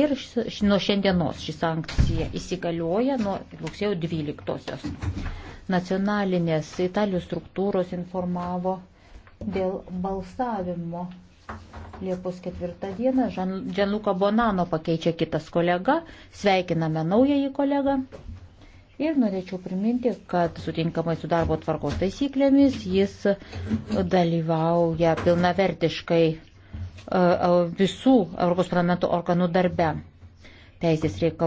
ir nuo šiandienos ši sankcija įsigalioja nuo rugsėjo 12-osios. Nacionalinės Italijos struktūros informavo dėl balsavimo. Liepos 4 dieną Džanuka Bonano pakeičia kitas kolega. Sveikiname naująjį kolegą. Ir norėčiau priminti, kad sutinkamai su darbo tvarkos taisyklėmis jis dalyvauja pilnavertiškai visų Europos parlamento organų darbe. Teisės reikalų.